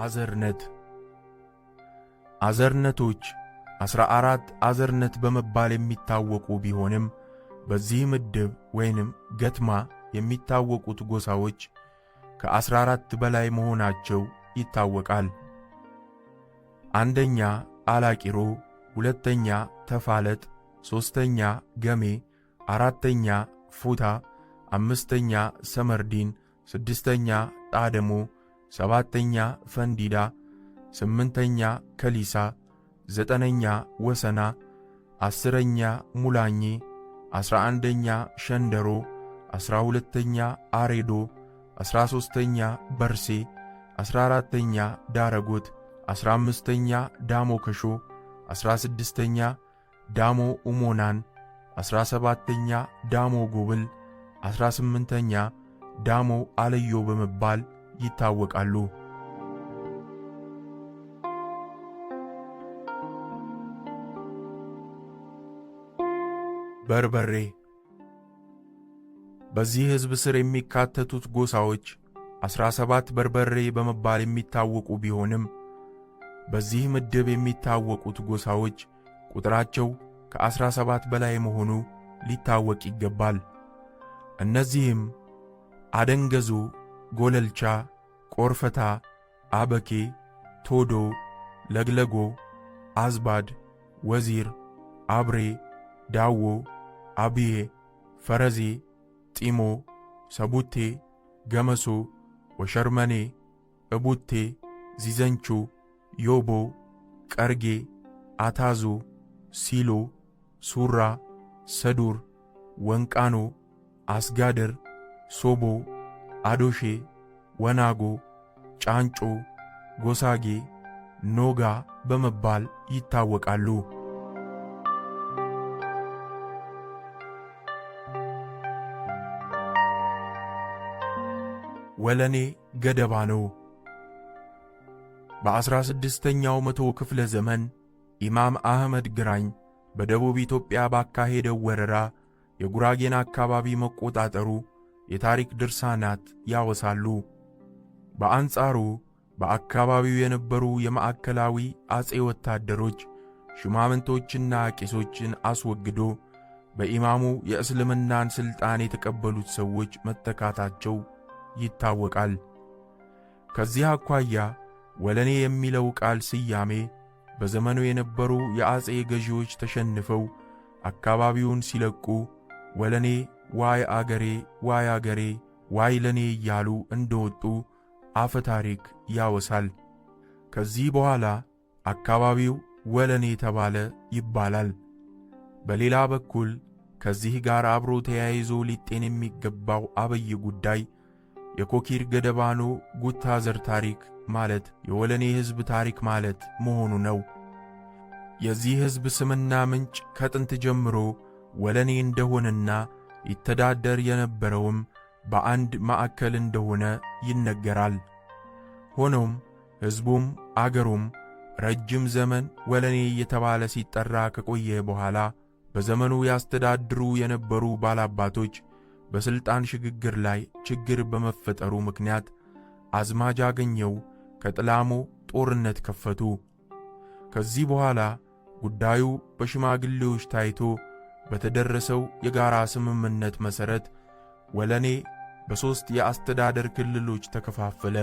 አዘርነት አዘርነቶች አስራ አራት አዘርነት በመባል የሚታወቁ ቢሆንም በዚህ ምድብ ወይንም ገትማ የሚታወቁት ጎሳዎች ከአስራ አራት በላይ መሆናቸው ይታወቃል። አንደኛ አላቂሮ፣ ሁለተኛ ተፋለጥ፣ ሦስተኛ ገሜ፣ አራተኛ ፉታ፣ አምስተኛ ሰመርዲን፣ ስድስተኛ ጣደሞ ሰባተኛ ፈንዲዳ፣ ስምንተኛ ከሊሳ፣ ዘጠነኛ ወሰና፣ አስረኛ ሙላኜ፣ አስራ አንደኛ ሸንደሮ፣ አስራ ሁለተኛ አሬዶ፣ አስራ ሦስተኛ በርሴ፣ አስራ አራተኛ ዳረጎት፣ አስራ አምስተኛ ዳሞ ከሾ፣ አስራ ስድስተኛ ዳሞ ኡሞናን፣ አስራ ሰባተኛ ዳሞ ጎብል፣ አስራ ስምንተኛ ዳሞ አለዮ በመባል ይታወቃሉ። በርበሬ በዚህ ሕዝብ ስር የሚካተቱት ጎሳዎች ዐሥራ ሰባት በርበሬ በመባል የሚታወቁ ቢሆንም በዚህ ምድብ የሚታወቁት ጎሳዎች ቁጥራቸው ከዐሥራ ሰባት በላይ መሆኑ ሊታወቅ ይገባል። እነዚህም አደንገዙ ጎለልቻ፣ ቆርፈታ፣ አበኬ፣ ቶዶ፣ ለግለጎ፣ አዝባድ፣ ወዚር፣ አብሬ፣ ዳዎ፣ አብዬ፣ ፈረዜ፣ ጢሞ፣ ሰቡቴ፣ ገመሶ፣ ወሸርመኔ፣ እቡቴ፣ ዚዘንቾ፣ ዮቦ፣ ቀርጌ፣ አታዞ፣ ሲሎ፣ ሱራ፣ ሰዱር፣ ወንቃኖ፣ አስጋደር፣ ሶቦ አዶሼ፣ ወናጎ፣ ጫንጮ፣ ጎሳጌ፣ ኖጋ በመባል ይታወቃሉ። ወለኔ ገደባ ነው። በ16ኛው መቶ ክፍለ ዘመን ኢማም አህመድ ግራኝ በደቡብ ኢትዮጵያ ባካሄደው ወረራ የጉራጌን አካባቢ መቆጣጠሩ የታሪክ ድርሳናት ያወሳሉ። በአንጻሩ በአካባቢው የነበሩ የማዕከላዊ አጼ ወታደሮች ሽማምንቶችና ቄሶችን አስወግዶ በኢማሙ የእስልምናን ሥልጣን የተቀበሉት ሰዎች መተካታቸው ይታወቃል። ከዚህ አኳያ ወለኔ የሚለው ቃል ስያሜ በዘመኑ የነበሩ የአጼ ገዢዎች ተሸንፈው አካባቢውን ሲለቁ ወለኔ ዋይ አገሬ ዋይ አገሬ ዋይ ለኔ እያሉ እንደወጡ አፈ ታሪክ ያወሳል። ከዚህ በኋላ አካባቢው ወለኔ ተባለ ይባላል። በሌላ በኩል ከዚህ ጋር አብሮ ተያይዞ ሊጤን የሚገባው አበይ ጉዳይ የኮኪር ገደባኖ ጉታዘር ታሪክ ማለት የወለኔ ሕዝብ ታሪክ ማለት መሆኑ ነው። የዚህ ሕዝብ ስምና ምንጭ ከጥንት ጀምሮ ወለኔ እንደሆነና ይተዳደር የነበረውም በአንድ ማዕከል እንደሆነ ይነገራል። ሆኖም ሕዝቡም አገሩም ረጅም ዘመን ወለኔ እየተባለ ሲጠራ ከቆየ በኋላ በዘመኑ ያስተዳድሩ የነበሩ ባላባቶች በሥልጣን ሽግግር ላይ ችግር በመፈጠሩ ምክንያት አዝማጅ አገኘው ከጥላሞ ጦርነት ከፈቱ። ከዚህ በኋላ ጉዳዩ በሽማግሌዎች ታይቶ በተደረሰው የጋራ ስምምነት መሠረት ወለኔ በሦስት የአስተዳደር ክልሎች ተከፋፈለ።